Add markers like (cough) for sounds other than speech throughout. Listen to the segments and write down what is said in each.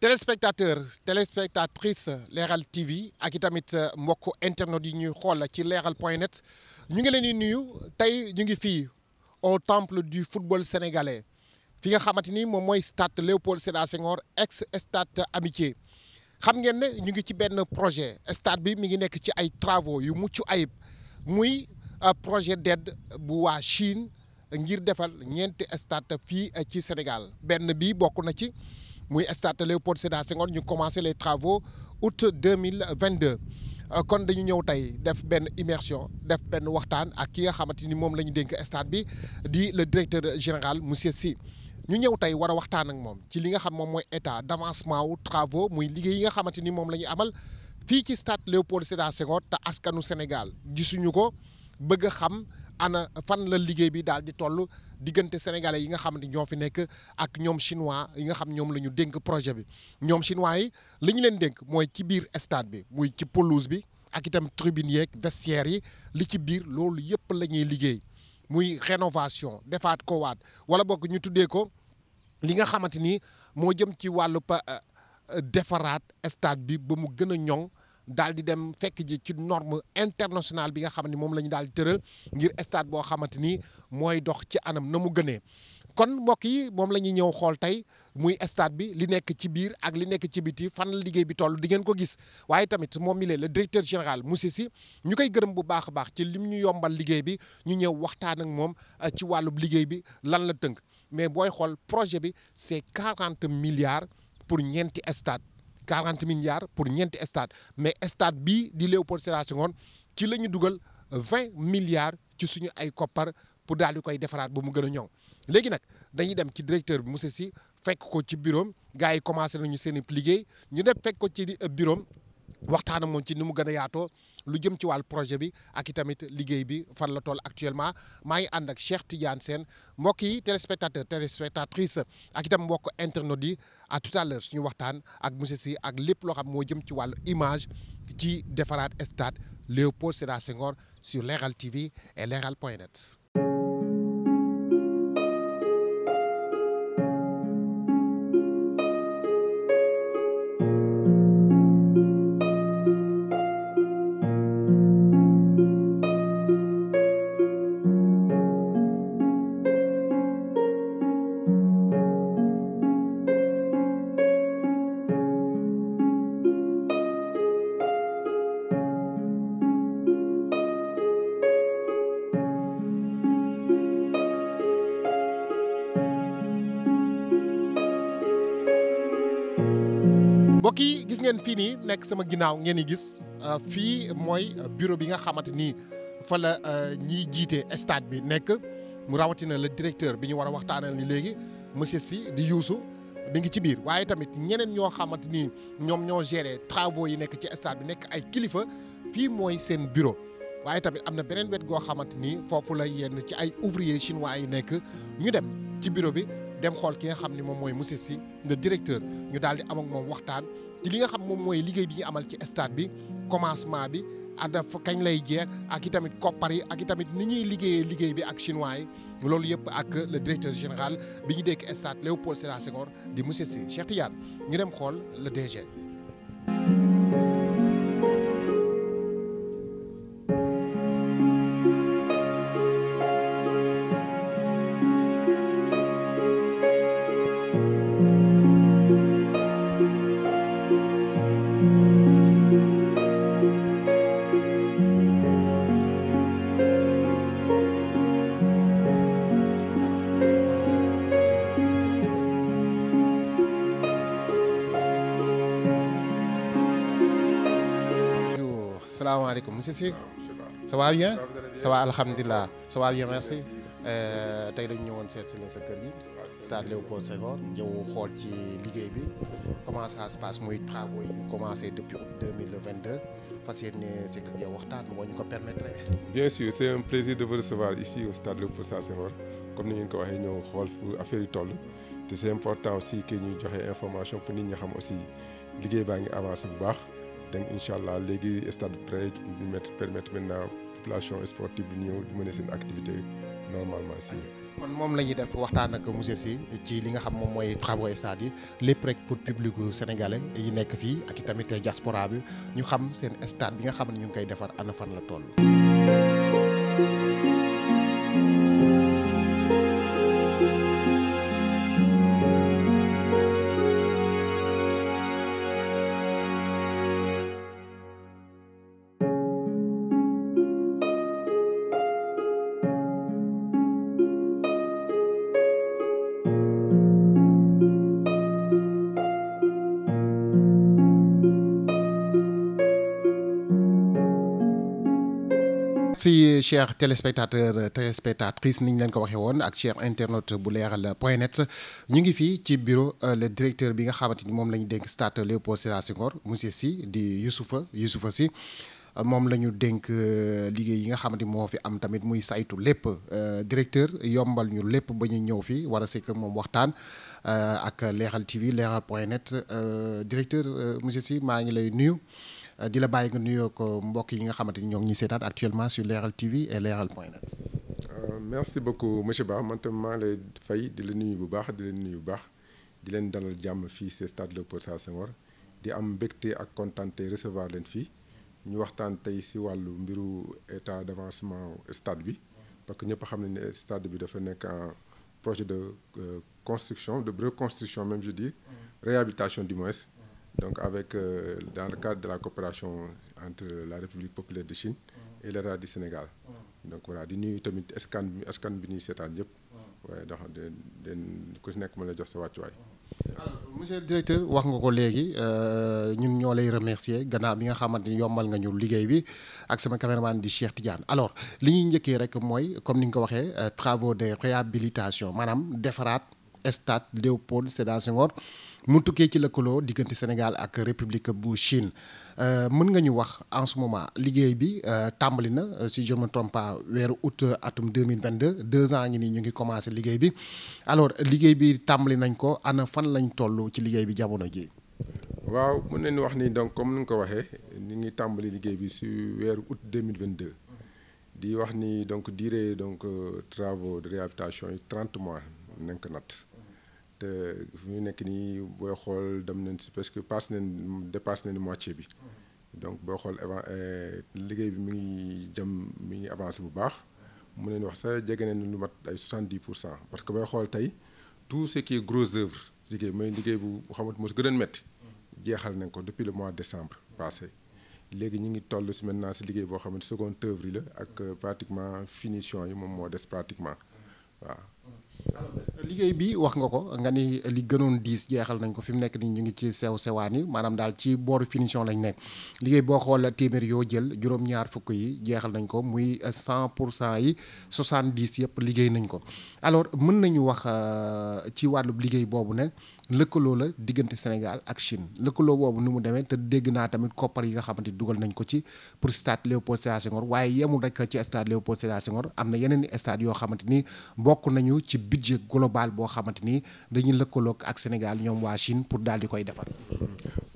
téléspectateurs téléspectatrices Leral TV ak i tamit euh, mbokku internautes yi ñuy xool ci leexal point net ñu ngi leen di nuyu tey ñu ngi fii au temple du football sénégalais fi nga xamante ni moom mooy stade Léopold Sédar Senghor ex stade Amitié xam ngeen ne ñu ngi ci benn projet stade bi mi ngi nekk ci ay travaux yu mucc ayib muy euh, projet d'aide bu waa Chine. ngir defal ñeenti stade fii eh, ci Sénégal benn bi bokk na ci muy stade Léopold Sédar Senghor ñu commencé les travaux août deux mille vingt deux eh, kon dañu ñëw tey def benn immersion def benn waxtaan ak ki nga xamante ni moom la ñu dénk stade bi di le directeur général monsieur Sy ñu ñëw tey war a waxtaan ak moom ci li nga xam moom mooy état d' wu travaux muy liggéey yi nga xamante ni moom la ñu amal fii ci stade Léopold Sédar Senghor te askanu Sénégal gisuñu ko bëgg a xam. ana fan la liggéey bi daal di toll diggante sénégalais yi nga xam ne ñoo fi nekk ak ñoom chinois yi nga xam ñoom la ñu dénk projet bi ñoom chinois yi li ñu leen dénk mooy ci biir stade bi muy ci pelouse bi ak itam tribune yeeg vestiaire yi li ci biir loolu yëpp la ñuy liggéey muy rénovation defaat ko waat wala bokk ñu tuddee ko li nga xamante ni moo jëm ci wàllu euh, defaraat stade bi ba mu gën a ñoŋ daal di dem fekk ji ci norme internationale bi nga xam ne moom la ñu daal di tëral ngir stade boo xamante ni mooy dox ci anam na mu gënee. kon mbokk yi moom la ñuy ñëw xool tey muy stade bi li nekk ci biir ak li nekk ci biti fan la liggéey bi toll di ngeen ko gis waaye tamit moom mi lee le directeur général Moussa Sy ñu koy gërëm bu baax a baax ci lim ñu yombal liggéey bi ñu ñëw waxtaan ak moom euh, ci wàllub liggéey bi lan la tënk mais booy xool projet bi c'est quarante milliards pour ñeenti stade 40 milliards pour ñeenti stade mais stade bii di Léopold Sédar Senghor ci la ñu dugal 20 milliards ci suñu ay koppar pour daal di koy defaraat ba mu gën a ñoŋ léegi nag dañuy dem ci directeur bi monsieur Sy fekk ko ci bureau gars yi commencé nañu seen i liggéey ñu def fekk ko ci bureau waxtaan ak moom ci ni mu gën a yaatoo lu jëm ci wàllu projet bi ak itamit liggéey bi fan la toll actuellement maa ngi ànd ak Cheikh Tidiane seen mbokk yi téléspectateur téléspectatrice ak itam mbokk internautes yi à tout à l'heure suñu waxtaan ak monsieur Sy ak lépp loo xam moo jëm ci wàllu image ci defaraat stade Léopold Sédar Senghor sur Leral TV et Leral point ngeen fii nii nekk sama ginnaaw ngeen di gis euh, fii mooy bureau bi nga xamante ni fa la euh, ñiy jiite stade bi nekk mu rawatina la directeur bi ñu war a waxtaanal ni léegi monsieur si di yuusu mi ngi ci biir waaye tamit ñeneen ñoo xamante ni ñoom ñoo gérer travaux yi nekk ci stade bi nekk ay kilifa fii mooy seen bureau. waaye tamit am na beneen wet goo xamante ni foofu la yenn ci ay ouvrier chinois yi nekk ñu dem ci bureau bi dem xool ki nga xam ni moom mooy monsieur Sy le directeur ñu daal di am ak waxtaan. ci li nga xam moom mooy liggéey bi ñu amal ci stade bi commencement bi adaf kañ lay jeex ak i tamit koppar yi ak i tamit ni ñuy liggéeyee liggéey bi ak chinois yi loolu yëpp ak le directeur général bi ñu dékk stade Léopold Sédar Senghor di monsieur Sy Cheikh Tidiane ñu dem xool le DG. salaamaaleykum monsieur Sy ça va bien ça va alhamdulilah ça va bien merci euh, tey dañu ñëwoon seet si la sa kër gi stade Léopold Senghor ñëw xool ci liggéey bi comment ça se muy travaux yi commencé depuis août 2022 fas yéene si kër waxtaan boo ñu ko permettre bien sûr c' est un plaisir de vous recevoir ici au stade Léopold Senghor comme ni ngeen ko waxee ñëw xool fu affaire yi toll te c' est important aussi que ñuy joxe information pour nit ñi xam aussi liggéey baa ngi avancé bu baax matin incha allah léegi stade prêt ñu mettre permettre maintenant population sportive bi ñëw di mener seen activité normalement si. kon moom la ñuy def waxtaan ak monsieur Sy ci li nga xam moom mooy travaux stade yi lépp rek pour public sénégalais yi nekk fii ak i tamit diaspora bi ñu xam seen stade bi nga xam ne ñu ngi koy defar ana fan la toll. fàttali chers téléspectateurs téléspectatrices ni ñu leen ko waxee woon ak chers internautes bu leexal point net ñu ngi fii ci bureau euh, le directeur bi nga xamante ni moom lañu ñu dénk stade Léopold Sédar di Youssoufa Youssoufa Sy moom la ñu dénk euh, liggéey yi nga xamante moo fi am tamit muy saytu lépp euh, directeur yombal ñu lépp ba ñu ñëw fii war a sekk moom waxtaan ak leeral TV leeral point net directeur monsieur si maa ngi lay nuyu. di la bàyyi nga nuyoo ko mbokk yi nga xamante ni ñoo ngi ñuy seetaan actuellement sur Leral TV et Leral point net. Euh, merci beaucoup monsieur Ba man tam maa lay fay di la nuyu bu baax di la nuyu bu baax di leen dalal jàmm fii ci stade Léopold Sédar Senghor di am mbégte ak kontante recevoir leen fii ñu waxtaan tey ci wàllu mbiru état d'avancement stade bi parce que ñëpp xam nañ ne stade bi dafa nekk en projet de euh, construction de reconstruction même je di mm. réhabilitation du donc avec, euh, dans le cadre de la coopération entre la République populaire de Chine et l'État du Sénégal. donc voilà di nuyu tamit askan askan bi ñuy seetaan yëpp. waaye ndax den den ku si nekk ma la jox sa wàccuwaay. alors monsieur le directeur wax nga ko léegi euh, ñun ñoo lay remercier gannaaw bi nga xamante ni yombal nga ñu liggéey bi ak sama caméraman di Cheikh Tidiane alors li ñuy njëkkee rek mooy comme ni nga ko waxee euh, travaux de réhabilitation maanaam defaraat stade Léopold Sédar Senghor. mu tukkee ci lëkkaloo diggante Sénégal ak république bu Chine euh, mën nga ñu wax en ce liggéey bi euh, tàmbali na euh, si je ne weeru août atum deux mille vingt deux deux ans ngi nii ñu ngi commencé liggéey bi alors liggéey bi tàmbali nañ ko ana fan lañ toll ci liggéey bi jamono ji waaw mën nañu wax ni donc comme ni nga ko waxee ñu ngi tàmbali liggéey bi si weeru août deux mille vingt deux di wax ni donc durée donc travaux de réhabilitation yi trent mois nañ ko te fi ñu nekk nii booy xool dem nañ si parce que passe nañ dépasse nañ moitié bi donc booy xool avant eh, liggéey bi mi ngi jëm mi ngi avancé bu baax mu neen wax sax jege nañ lu mat ay 70 pour cent parce que booy xool tey tout ce qui est gros œuvre liggéey bu xamante moo si gën a métti jeexal nañ ko depuis le mois de décembre passé léegi ñu ngi toll si maintenant si liggéey boo xamante seconde œuvre yi la ak euh, pratiquement finition yi moom moo des pratiquement waaw liggéey bi wax nga ko nga ni li gënoon diis jeexal nañ ko fi mu nekk nii ñu ngi ci sew sewaan yi maanaam daal ci booru finition lañ nekk liggéey boo xool téeméer yoo jël juróom-ñaar fukk yi jeexal nañ ko muy cent pour cent yi 70 yëpp liggéey nañ ko alors mën nañu wax euh, ci wàllu liggéey boobu ne lëkkaloo la diggante Sénégal ak Chine lëkkaloo boobu nu mu demee te dégg naa tamit koppar yi nga xamante dugal nañ ko ci pour stade Léopold Sédar Senghor waaye yemu rek ci stade Léopold Sédar am na yeneen i stade yoo xamante ni bokk nañu ci budget global boo xamante ni dañuy lëkkaloo ak Sénégal ñoom waa Chine pour daal di koy defar.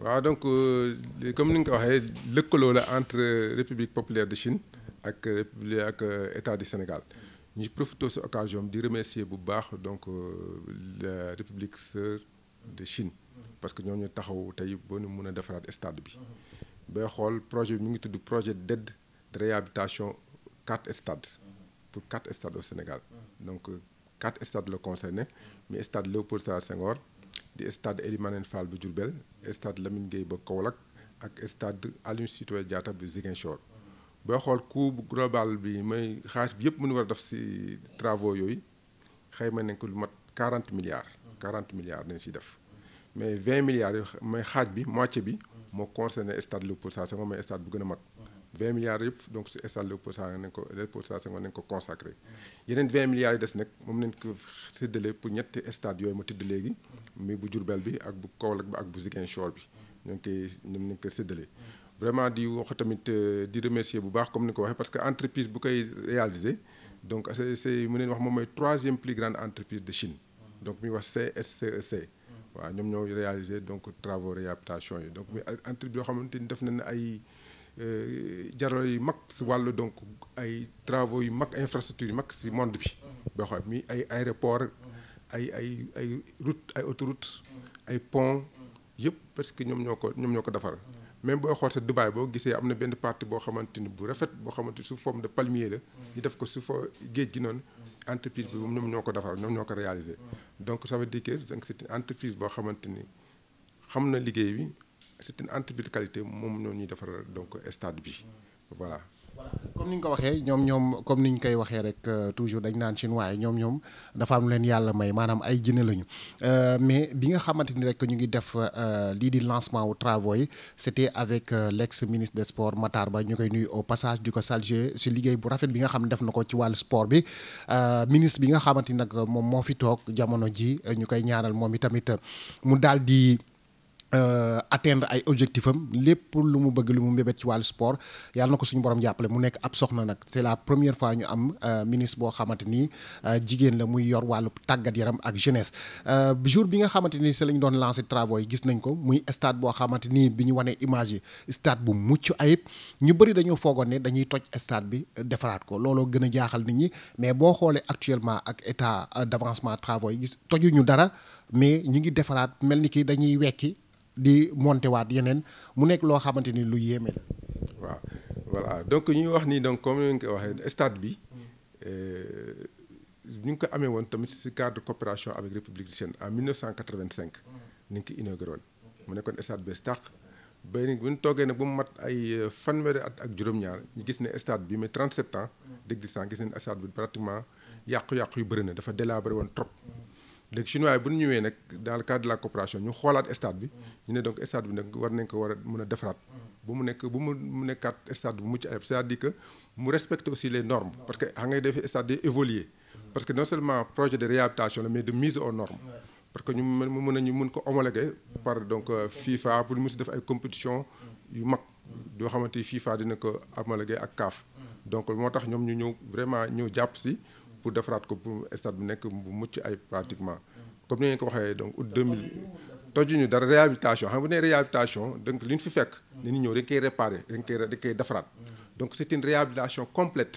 waaw donc euh, comme ni nga ko waxee lëkkaloo la entre République populaire de Chine ak République euh, État du Sénégal. ñu profité si occasion di remercier bu baax donc euh, la de Chine parce que ñoo ñu taxaw tey boo nu mën a defaraat stade bi bay xool projet bi mu ngi tudd projet d'aide de réhabilitation quatre stade pour quatre stades au Sénégal donc quatre stade la concerné mais stade Léopold Sédar Senghor di stade Ely Manel Fall bu Diourbel stade Lamine Gueye ba Kaolack ak stade Aline Sitoé Diatta bu Ziguinchor boo xool coût global bi may xaalis bi yëpp mënu war a def si travaux yooyu xayma nañ ko lu mat 40 milliards 40 milliards dañ si def mais 20 milliards yi mais xaaj bi moitié bi moo concerné stade Léopold Sédar Senghor mooy stade bu gën a mag 20 milliards yëpp donc si stade Léopold Sédar nañ ko Léopold Sédar Senghor nañ ko consacré yeneen milliards yi des nag moom nañ ko séddale pour ñetti stade yooyu ma tudd léegi muy bu Diourbel bi ak bu Kaolack bi ak bu Ziguinchor bi ñoo ngi koy ñoom nañ ko séddale vraiment di wax tamit euh, di remercier bu baax comme ni ko waxee parce que entreprise bu wax moom mooy troisième plus grande entreprise de Chine donc muy wax CSCEC e mm. waaw ñoom ñoo réalisé donc travaux réhabilitation yi donc muy entreprise yoo xamante ni def nañ ay euh, jaro yu mag si wàll donc ay travaux yu mag infrastructure yi mag si monde bi mm. boo xam mi ay aéroport mm. ay ay ay route ay autoroute ay pont yëpp parce que ñoom ñoo ko ñoom ñoo ko defar mais boo xool sa Dubaï boo gisee am na benn partie boo xamante ni bu rafet boo xamante ni sous forme de palmier ñu def ko sous géej gi noonu entreprise bi moom ñoo ko defar ñoom ñoo ko réalisé donc ça veut dire que donc c' entreprise boo xamante ni xam na liggéey bi c' est une entreprise de qualité moom ñoo ñuy defar donc stade bi voilà. comme ni nga ko waxee ñoom ñoom comme ni ñu koy waxee rek euh, toujours dañ naan chinois yi ñoom ñoom dafa am leen yàlla may maanaam ay jinne lañu euh, mais bi nga xamante ni rek ñu ngi def euh, lii di lancement wu travaux yi c'était avec l'ex ministre de sports Matar Ba ñu koy nuyu au passage di ko saluer si liggéey bu rafet bi nga xam ne def na ko ci wàllu sport bi ministre bi nga xamante ni nag moom moo fi toog jamono ji ñu koy ñaanal moom i tamit mu daal di. Euh, atteindre ay objectifam am lépp lu mu bëgg lu mu mbébét ci wàllu sport yàlla na ko suñu borom jàppale mu nekk ab soxna nag c'est la première fois ñu am euh, ministre boo xamante ni euh, jigéen la muy yor wàllu tàggat yaram ak jeunesse jour bi nga xamante ni si lañ doon lancer travaux yi gis nañ ko muy stade boo xamante ni bi ñu wanee image yi stade bu mucc ayib ñu bëri dañoo foogoon ne dañuy toj stade bi defaraat ko looloo gën a jaaxal nit ñi mais boo xoolee actuellement ak état d'avancement travaux yi gis tojuñu dara mais ñu ngi defaraat mel ni ki dañuy wekki di monté waat yeneen mu nekk loo xamante ni lu yéeme la. waaw voilà donc ñuy wax nii donc comme ni nga ko waxee stade bi ñu euh, ngi ko amee woon tamit si cadre coopération avec république du Sine en 1985. Mm. ni nga ko inauguré woon. mu nekkoon stade bi tax ba ni bu ñu toogee ne ba mu mat ay euh, fanweeri at ak juróom-ñaar ñu gis ne stade bi mais 37 ans mm. d'existence gis nañu stade bi pratiquement yàqu-yàqu yu bëri na dafa bari woon trop. Mm. léegi chinois yi bu ñu ñëwee nag dans le cadre de la coopération ñu xoolaat stade bi ñu ne donc stade bi nag war nañ war a mën a defaraat bu mu nekk bu mu nekkaat stade bu mucc ayib c'est-à-dire mu respecte aussi les normes parce que xam ngay defee stade day évoluer parce que non seulement projet de réhabilitation la mais de mise aux normes parce que ñu mu mën a ñu mën ko homologué par donc euh, FIFA pour mu si def ay compétition yu mag yoo xamante ni FIFA dina ko homologué ak CAF donc moo tax ñoom ñu ñëw vraiment ñëw jàpp si pour defaraat ko pour stade bu nekk bu mucc ay pratiquement comme ni ngeen ko waxee donc août 2000 tojuñu dara réhabilitation xam nga bu ne réhabilitation donc li ñu fi fekk ni ñu ñëw dañ koy réparer dañ koy dañ koy defaraat donc c'est réhabilitation complète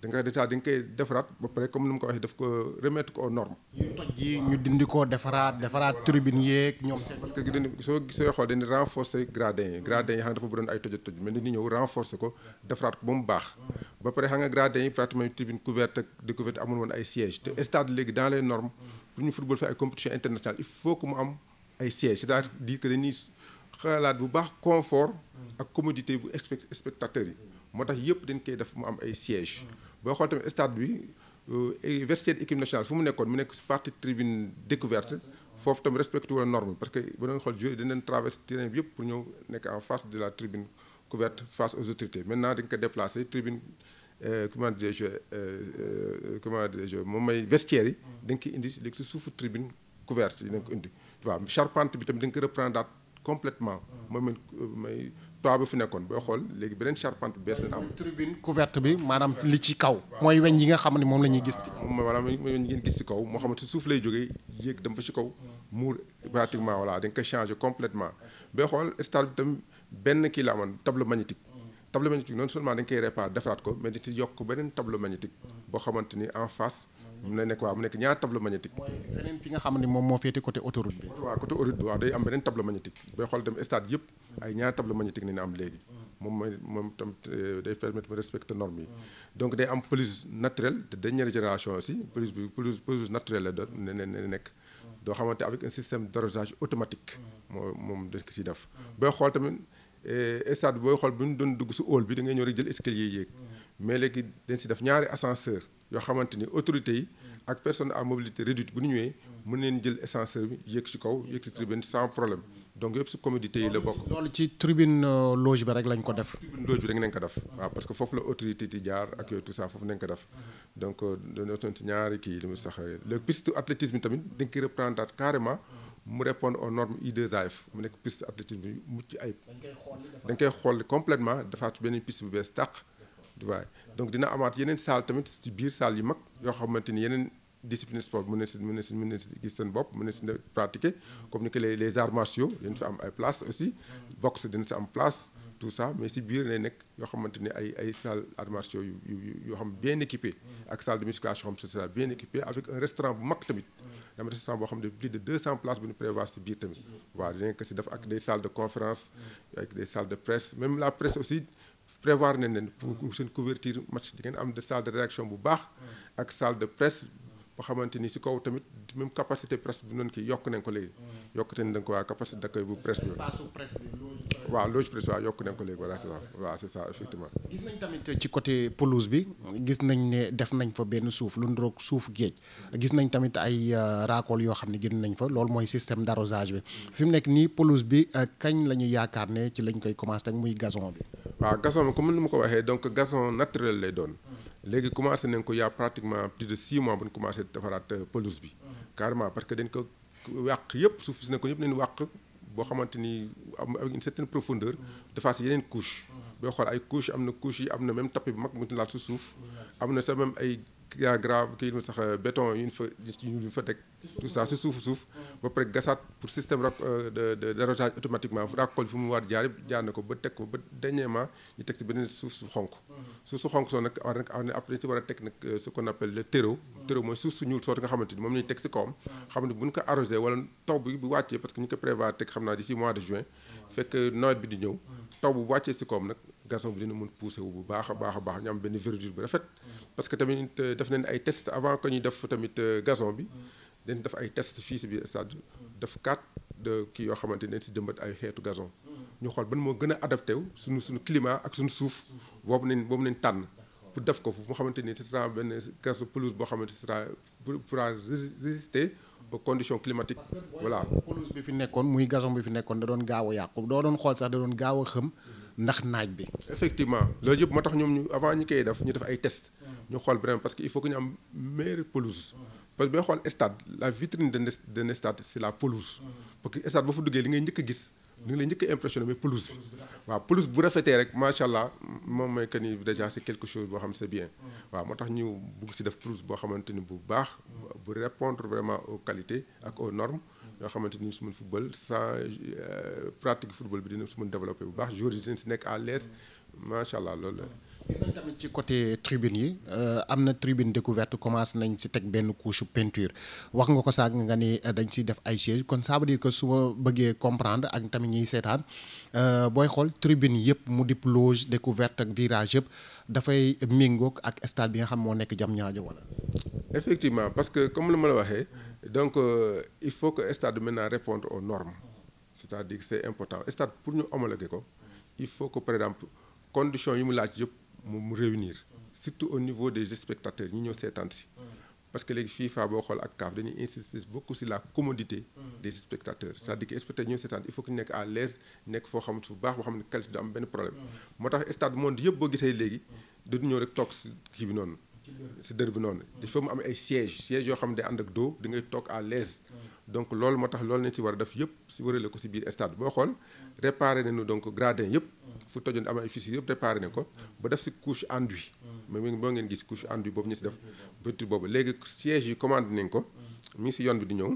da nga dèjà dañ koy defaraat ba pare comme ni mu ko waxee daf ko remettre ko aux normes. yu toj yi ñu dindi ko defaraat defaraat tribune yeeg ñoom seen. parce que dañu soo soo xool dañuy renforcer gradins yi gradins yi xam nga dafa bëroon ay toj toj mais dañuy ñëw renforcer ko defaraat ko ba mu baax. ba pare xam nga gradins yi pratiquement tribune couverte ak découverte amul woon ay sièges léegi dans les normes pour ñu football fi ay compétition internationale il faut que mu am ay sièges c'est-à-dire que dañuy xalaat bu baax confort ak commodité bu spectateurs yi moo tax yëpp dañ koy def mu am ay sièges. boo xool tamit stade bi euh, vestiaire équipe nationale fu mu nekkoon mu nekk si partie tribune découverte foofu tamit respecté wala norme parce que bu doon xool joueurs dañ leen traversé terrain bi yëpp pour de la tribune couverte face aux autorités maintenant dañ ko déplacé tribune euh, comment dirais-je euh, comment dirais-je moom may vestiaire yi dañ koy indi léegi si suufu tribune couverte yi dañ ko indi waaw charpente bi tamit danga ko reprendre complètement moom may toit bi fi nekkoon booy xool léegi beneen charpente bees la am. tribune couverte bi maanaam li ci kaw. mooy weñ yi nga xam ne moom la ñuy gis. moom voilà mooy weñ yi ngeen gis ci kaw moo xamante suuf lay jógee yéeg dem ba ci kaw. muur pratiquement voilà dañ ko changé complètement booy xool stade bi tam benn kii la amoon table magnétique. table magnétique non seulement dañ koy réparer defaraat ko mais dañ ci yokk beneen table magnétique. boo xamante ni en face. mu nekk waaw mu nekk ñaar tableau magnétique. xam ne moom moo féete côté autoroute bi. waaw am beneen tableau magnétique. booy xool dem stade yëpp. ay ñaar table magnétique ni am léegi moom mooy moom tam euh, day permettre mu respecter normes yi donc day am pelouse naturelle de dernière génération si polis bi pelouse pelouse naturelle la doon ne ne nekk doo xamante avec un système d'arrosage automatique moo moom dañ ko siy def booy xool tamit euh, stade booy xool bu ñu doon dugg si hall bi da ngay ñëw rek jël escalier yéeg mais léegi dañ si def ñaari ascenseur yoo xamante ni autorités yi ak personne à mobilité réduite bu ñu ñëwee mën neen jël ascenseur bi yéeg ci kaw yéeg ci tribune sans problème donc yëpp ci commodité yi la bokk. loolu ci tribune euh, loge bi rek lañ ko def. tribune loge bi rek nañ ko def waaw parce que foofu la autorité di jaar ak yooyu tout ça foofu nañ ko def donc euh, dañoo toon ci ñaari kii li mu sax léegi piste athlétisme tamit dañ koy reprendre daat carrément mu répondre aux normes I2AF mu nekk piste athlétisme bi mucc ayib. dañ koy xool dañ koy xool complètement dafaat benn bu bees tàq du donc dina amaat yeneen salle tamit ci biir salle yu mag yoo xamante ni yeneen discipline sport mën na si mën na si mën na gis seen bopp mën na si pratiquer comme ni que les am ay place aussi boxe dina si am place tout ça mais si biir lay nekk yoo xamante ni ay ay salle arts martiaux yoo xam bien équipé ak salle de musculation xam ce sera bien équipé avec un restaurant bu mag tamit dama restaurant boo xam ne plus de 200 places bu ñu prévoir si biir tamit waaw dinañ ko de conférence ak des salles de presse prévoir nañ leen pour seen couverture match di ngeen am salle de rédaction bu baax. ak salle de presse. ba xamante ni si kaw tamit même capacité presse bi noonu kii yokk nañ ko léegi. Mm-hmm. yokkute nañ ko waa capacité d'accueil bu presse bi. presse waaw loge presse waaw yokk nañ ko léegi voilà c'est ça waaw c'est ça ci côté pelouse bi gis nañ ne def nañ fa benn suuf lu nduroog suuf géej gis nañ tamit ay euh, raakool yoo xam ne génn nañ fa loolu mooy système d'arrosage bi mm-hmm. fi mu nekk nii pelouse bi euh, kañ la ñu yaakaar ne ci lañ koy commencé ak muy gazon bi. waa gazon bi comme ni ma ko waxee donc gazon naturel lay doon. Mm-hmm. léegi commencé nañ ko y' pratiquement plus de 6 mois bu ñu commencé defaraat euh, pelouse bi. Mm-hmm. carrément parce que dañ ko wàq yëpp suuf si na ko yëpp nañ wàq boo xamante ni am avec une certaine profondeur. Mm-hmm. dafa si yeneen couche mm-hmm. boo xool ay couche am na couche yi am na même tapis bu mag mu laal si suuf. am na sax même ay. yaa grave kii nu sax euh, béton yu ñu fa yu ñu fa teg tout ça si suufu suuf ba pare gasaat pour système rak euh, de de d'arrosage automatiquement raakool fu mu war jaar yëpp jaar na ko ba teg ko ba dernièrement ñu teg ci beneen suuf su xonk suuf su xonk soo nag war na après si war a teg nag euh, ce qu'on appelle le terreau terreau mooy suuf su ñuul sootu nga xamante ni moom la teg si kawam xam ne bu ñu ko arrosé wala taw bi bu wàccee parce que ñu ko prévoir teg xam naa d'ici mois de juin fekk nawet bi di ñëw taw bu wàccee si kawam nag garçon bi dina mun pousser wu bu baax a baax a baax ñu benn verdure bu rafet. parce que tamit euh, def nañ ay test avant que ñuy def tamit euh, gazon bi. dañ def ay test fii si biir stade def quatre yoo xamante ne si jëmbat ay xeetu gason ñu xool ban moo gën a adapté wu suñu suñu climat ak suñu suuf boobu nañ boobu nañ tànn. pour def ko fu mu xamante ni ce sera benn gazon pelouse boo xamante ce sera pourra résister. aux conditions climatiques voilà. pelouse bi fi nekkoon muy gazon bi fi nekkoon da doon a a ndax naaj bi. effectivement loolu yëpp moo tax ñoom ñu avant ñu koy def ñu def ay tests. ñu xool vraiment parce que il faut que ñu am meilleure pelouse. parce que booy xool stade la vitrine de d'un stade c'est la pelouse. parce que stade boo fa duggee li ngay njëkk gis. li nga lay njëkk a impressionné mais pelouse bi. waaw pelouse bu rafetee rek macha allah moom mooy que ni déjà c'est quelque chose boo xam c'est bien. waaw moo tax ñu bugg si def pelouse boo xamante ni bu baax. bu répondre vraiment aux qualités ak aux normes. yoo xamante ni su mën football sans euh, pratique football bi dina su mën développé bu baax jour yi dina si nekk à l'aise macha allah loolu la. ci côté tribune yi euh, am na tribune découverte commencé nañ si teg benn couche peinture wax nga ko saag nga ni euh, dañ siy def ay siège kon ça veut dire que su ma bëggee comprendre ak tamit ñiy seetaan booy xool tribune yëpp mu dip loge découverte ak virage yëpp dafay mingook ak stade bi nga xam moo nekk jam ñaajo wala. effectivement parce que comme lu ma la waxee. donc euh, il faut que stade maintenant répondre au norme c'est-à-dire c'est important stade pour ñu homologuer ko il faut que par exemple conditions yi mu laaj yëpp mu mu réunir surtout au niveau des spectateurs ñu ñëw seetaan si parce que léegi FIFA boo xool ak CAF dañuy insister beaucoup sur la commodité des spectateurs c'est-à-dire que spectateurs ñoo seetaan il faut que ñu nekk à l'aise nekk foo xam fu baax boo xam ne qualité du am benn problème moo tax stade monde yëpp boo gisee léegi du ñëw rek toog si kii bi noonu si dër bi noonu il faut mu am ay siège siège yoo xam ne day ànd ak doo di ngay toog à l'aise donc loolu moo tax loolu nañ si war a def yëpp si wërale ko si biir stade boo xool réparé nañu donc gradin yëpp fu tojoon am ay fissures yëpp réparé nañ ko ba def si couche enduit mais boo ngeen gis couche enduit boobu ñu si def peinture boobu léegi siège yi commandé nañ ko mi si yoon bi di ñëw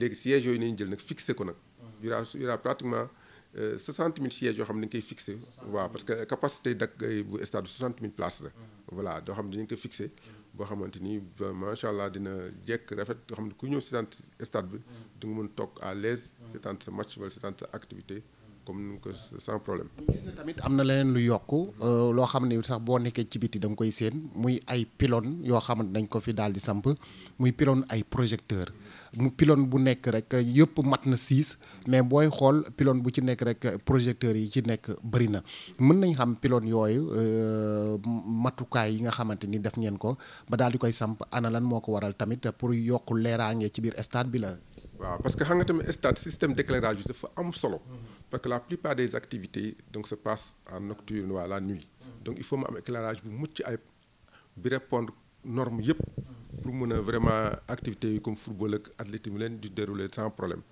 léegi siège yooyu nañu jël nag fixé ko nag il y aura pratiquement 60 euh, 000 sièges yoo xam ne dañu koy fixé. waaw parce que capacité d'accueil bu stade 60 000 places la. voilà doo xam ne dañu ko fixé. boo xamante ni macha allah dina jekk rafet yoo xam ne ku ñëw seetaan stade bi. di nga mën toog à l'aise seetaan sa match wala seetaan activité. comme ni ko sans problème. gis am na leneen lu yokk euh, loo xam ne sax boo nekkee ci biti da koy seen muy ay pylônes yoo xamante nañ ko fi daal di samp muy pylône ay projecteurs. mu pylône bu nekk rek yëpp mat na six mais booy xool pylône bu ci nekk rek projecteurs yi ci nekk bëri na mën nañ xam pylône yooyu euh, matukaay yi nga xamante ni def ngeen ko ba daal di koy samp ana lan moo ko waral tamit pour yokk leeraange ci biir stade bi la. waaw parce que xam nga tamit stade système d'éclairage bi dafa am solo. parce que la plupart des activités donc se passe en nocturne wala la nuit. donc il faut mu am éclairage bu mucc ayib bi répondre norme yëpp pour mun a vraiment activité yi comme football ak athlétisme leen di dérouler sans problème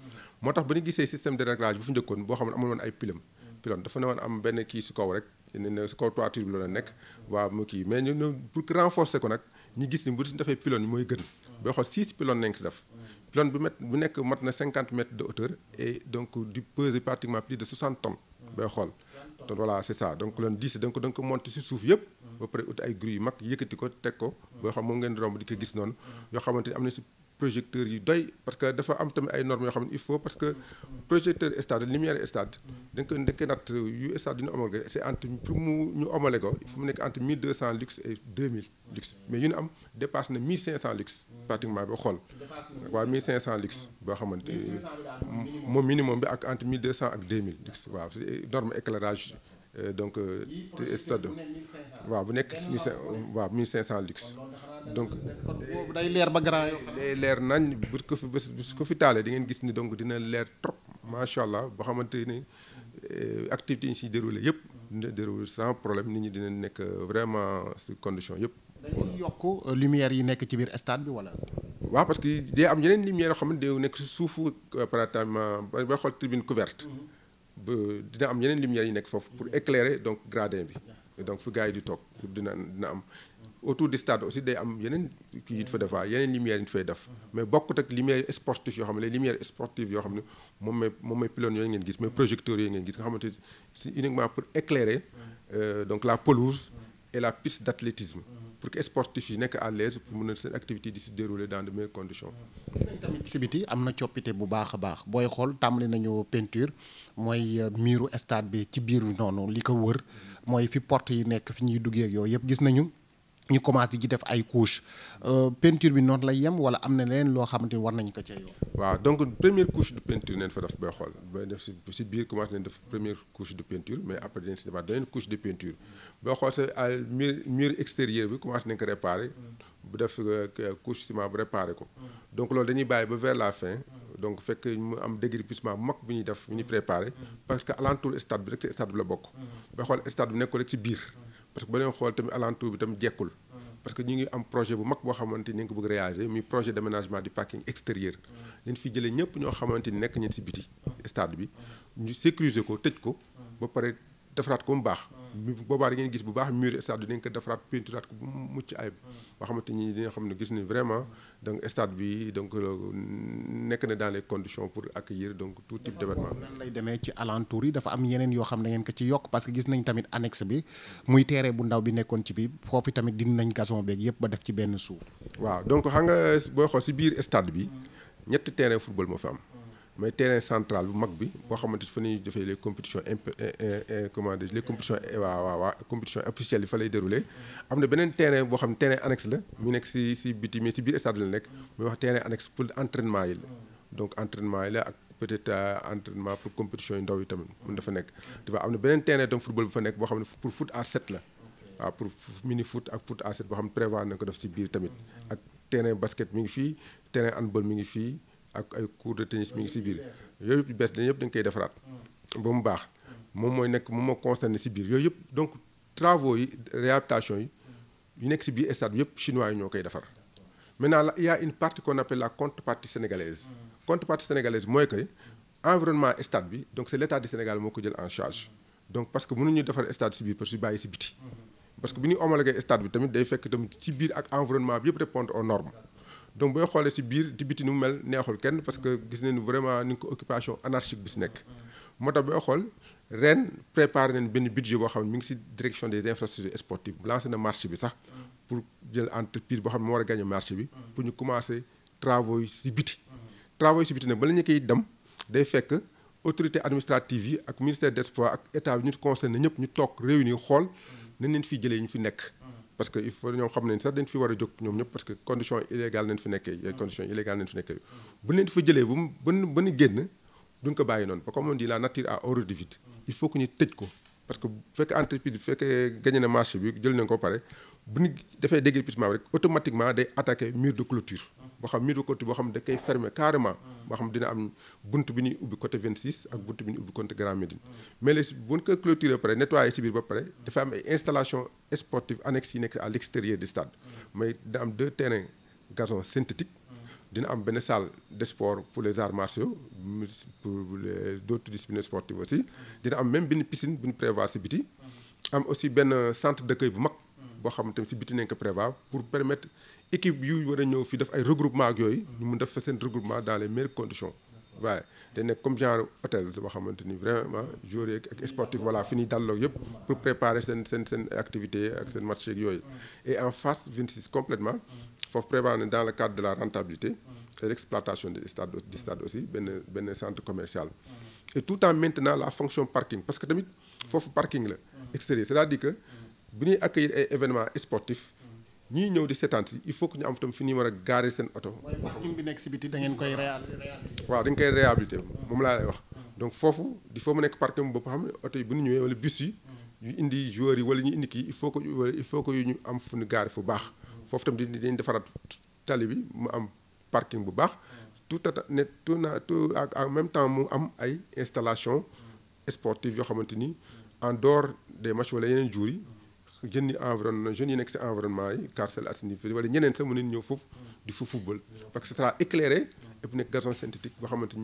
moo tax ba ñu gisee système de réglage bu fu njëkkoon boo xam ne amul woon ay pilam pilon dafa ne woon am benn kii si kaw rek ne si kaw toiture bi la nekk waaw mu kii mais ñu ne pour renforcer ko nag ñu gis ni bu ñu defee pylône mooy gën booy xool six pylônes nañ ko def pylône bu met bu nekk mat na cinquante mètres de hauteur et donc di peser pratiquement plus de soixante tonnes booy xool te voilà c'est ça donc leen diis da nga ko da nga ko monter si suuf yëpp ba pare uti ay gru yu mag yëkkati ko teg ko boo xam moom ngeen romb di ko gis noonu yoo xamante ni am na si projecteurs yu doy parce que dafa am tamit ay normes yoo xam il faut parce que projecteur stade lumière stade da koy da koy natt yu stade yu ñu homologué c'est entre pour mu ñu lux et 2000 lux mais yu ñu am dépasse na 1500 lux pratiquement ba xool waaw 1500 lux boo xamante moom minimum bi ak entre 1200 ak 2000 lux waaw norme éclairage Euh, donc euh, stade waaw bu nekk waaw 1500 luxe donc day leer ba grand day leer nañ bu ko fi bés bu ko fi taalee di ngeen gis ni donc dina leer trop macha allah boo xamante ni euh, activités yi ñu siy déroulé yëpp dina déroulé sans problème nit ñi dina nekk vraiment si condition yëpp. yokk lumière yi nekk ci biir stade bi wala. waaw parce que day am yeneen lumière yoo xam ne day nekk si suufu pratiquement booy xool tribune couverte. Mm-hmm. ba dina am yeneen lumière yi nekk foofu pour mm-hmm. éclairer donc gradin bi donc fu gars yi di toog dina dina am mm-hmm. autour du stade aussi day am yeneen kii it fa defaa yeneen lumière yi fay def mm-hmm. mais bokkut ak lumière sportive yoo xam ne les lumières sportives yoo xam ne moom mooy moom mooy pylônes yooyu ngeen gis mais projecteurs yooyu ngeen gis nga xamante pour éclairer euh, donc la pelouse et la piste d'athlétisme pour que sportif yi nekk à l'aise pour mën a seen activité di se dérouler dans de meilleures conditions. gis am na coppite bu baax a baax booy xool tàmbali nañu peinture. mooy euh, miiru stade bi ci biir noonu li ko wër mooy fi porte yi nekk fi ñuy duggee yooyu yëpp gis nañu ñu commencé di def ay couche euh, peinture bi noonu la yem wala am na leen loo xamante ni war nañ ko cee yow. waaw donc première couche de peinture neen fa def bay xool bay def si si biir commencé nañ def première couche de peinture mais après dinañ si defaat deuxième couche de ko réparé. bu def euh, couche ciment bu réparé ko. donc loolu dañuy bàyyi ba vers la fin. donc fekk mu am bu mag bi ñuy def bu ñuy préparé. parce que alentour stade bi rek si stade bi la bokk. bay xool stade bi nekkul rek si parce que ba leen xool tamit alentour bi tam jekkul parce que ñu ngi am projet bu mag boo xamante ni ñu ngi ko bëgg réaliser muy projet d'aménagement du parking extérieur leen fi jëlee ñëpp ñoo xamante ni nekk ñeen si biti stade bi ñu sécuriser ko tëj ko ba pare defaraat ko mu baax boobaa da ngeen gis bu baax mur stade bi ko defaraat peinturaat ko bu mucc ayib boo xam ne gis ni vraiment donc stade bi donc nekk na dans les conditions pour accueillir donc tout type d'événement lay demee ci alentour yi dafa am yoo xam ne ngeen ko ci yokk parce que gis nañ tamit annexe bi muy terrain bu ndaw bi nekkoon ci bi foofu tamit dindi nañ gazon beeg yëpp ba def ci benn suuf waaw donc xam nga booy xool si biir stade bi ñetti terrain football moo fi am mooy terrain central bu mag bi boo xamante fa ñuy defee les compétitions imp euh, euh, euh, comment dire les compétitions waa waa waa yi fa lay déroulé. am na beneen terrain boo xam ne terrain annexe la mu nekk si si biti mais si biir stade la nekk muy wax terrain annexe pour entraînement yi peut-être entraînement pour compétition yu ndaw yi tamit mun dafa nekk dafa am na beneen terrain tam football bu fa nekk boo xam ne pour foot à set la waaw pour mini foot ak foot à 7 boo xam ne prévoir nañ ko def si biir tamit ak terrain basket ngi fii terrain handball mi ngi fii ak ay cours de tennis mi ngi si biir yooyu yëpp bees yëpp dañ koy defaraat ba mu baax moom mooy nekk moom moo concerné si biir yooyu yëpp donc travaux yi réhabilitation yi yu nekk si biir stade bi yëpp chinois yi ñoo koy defar maintenant il y a une partie qu'on appelle la contrepartie sénégalaise contrepartie sénégalaise mooy que environnement stade bi donc c'est l'état du Sénégal moo ko jël en charge donc parce que mënuñu defar stade si biir parce que bàyyi si biti parce bu ñuy homologué bi tamit yëpp répondre aux normes donc booy xoolee si biir di biti ni mu mel neexul kenn parce que gis nañu vraiment ni ko occupation anarchique bi si nekk. Mm. moo tax booy xool ren prépare nañ benn budget boo xam ne mi ngi si direction des infrastructures sportives lancé na marché bi sax mm. pour jël entreprise boo xam ne moo war a gagné marché bi. Mm. pour ñu commencer travaux yi si biti. travaux yi si biti nag bala ñu koy dem day fekk. autorité administrative yi ak ministère des sports ak état bi ñu ñëpp ñu toog réunion xool nañ leen fii ñu fi nekk parce que il faut ñoom xam nañ sax dañ fi war a jóg ñoom ñëpp parce que condition illégale nañ fi nekkee y mm. condition illégale nañ fi nekkee mm. bu leen fa jëlee bu mu ba ñu génn duñ ko bàyyi noonu parce que comme on la nature a horreur du vide mm. il faut que ñu tëj ko parce que bu fekkee entreprise bi fekkee gagné na marché bi jël nañ ko pare bu ñu defee déguerpissement rek automatiquement day attaqué mur de clôture boo xam mur de boo xam da koy fermer carrément boo xam dina am bunt bi ñuy ubbi côté 26 ak bunt bi ñuy ubbi côté Grand Médine mm. mais léegi buñ ko clôturer ba pare nettoyer si biir ba pare dafa am ay installation sportive annexe yi nekk à l'extérieur du stade mm. mais da am deux gazon synthétique mm. dina am benn salle de sport pour les arts martiaux pour les d'autres disciplines sportives aussi dina am même benn piscine bu ñu prévoir si biti am aussi benn centre d'accueil bu mag boo xam tamit si biti nañ ko prévoir pour permettre équipe yu war a ñëw fii def ay regroupement ak yooyu ñu mun def seen regroupement dans les meilleures conditions waaye day nekk comme genre hôtel boo xamante ni vraiment joueurs yeeg ak sportif voilà fi ñuy dalloo yëpp pour préparer seen seen seen activité ak seen match yeeg yooyu et en face 26 complètement foofu prévoir ne dans le cadre de la rentabilité et l'exploitation du stade du stade aussi benn benn centre commercial et tout en maintenant la fonction parce que tamit foofu parking la bu ñuy accueillir ay événements sportifs ñii ñëw di seetaan il faut que ñu am tam fi ñuy war a garer seen oto. mooy bi nekk si biti da ngeen koy réhabilité. waaw dañ koy réhabilité moom laa lay wax. donc foofu il faut mu nekk parking bopp xam ne bu ñu ñëwee wala bus yi. ñu indi joueurs yi wala ñu indi kii il faut que il faut que ñu am fu ñu garer fu baax. foofu tam dañ defaraat tali bi mu am parking bu baax. tout à ne tout na tout en même temps mu am ay installation sportive yoo xamante ni en door de matchs wala yeneen jours yi. jeunes yi nekk si environnement yi Parcelles Assainies wala ñeneen sax mu neen ñëw foofu di fa football parce que ça sera éclairé et nekk gazon synthétique boo xamante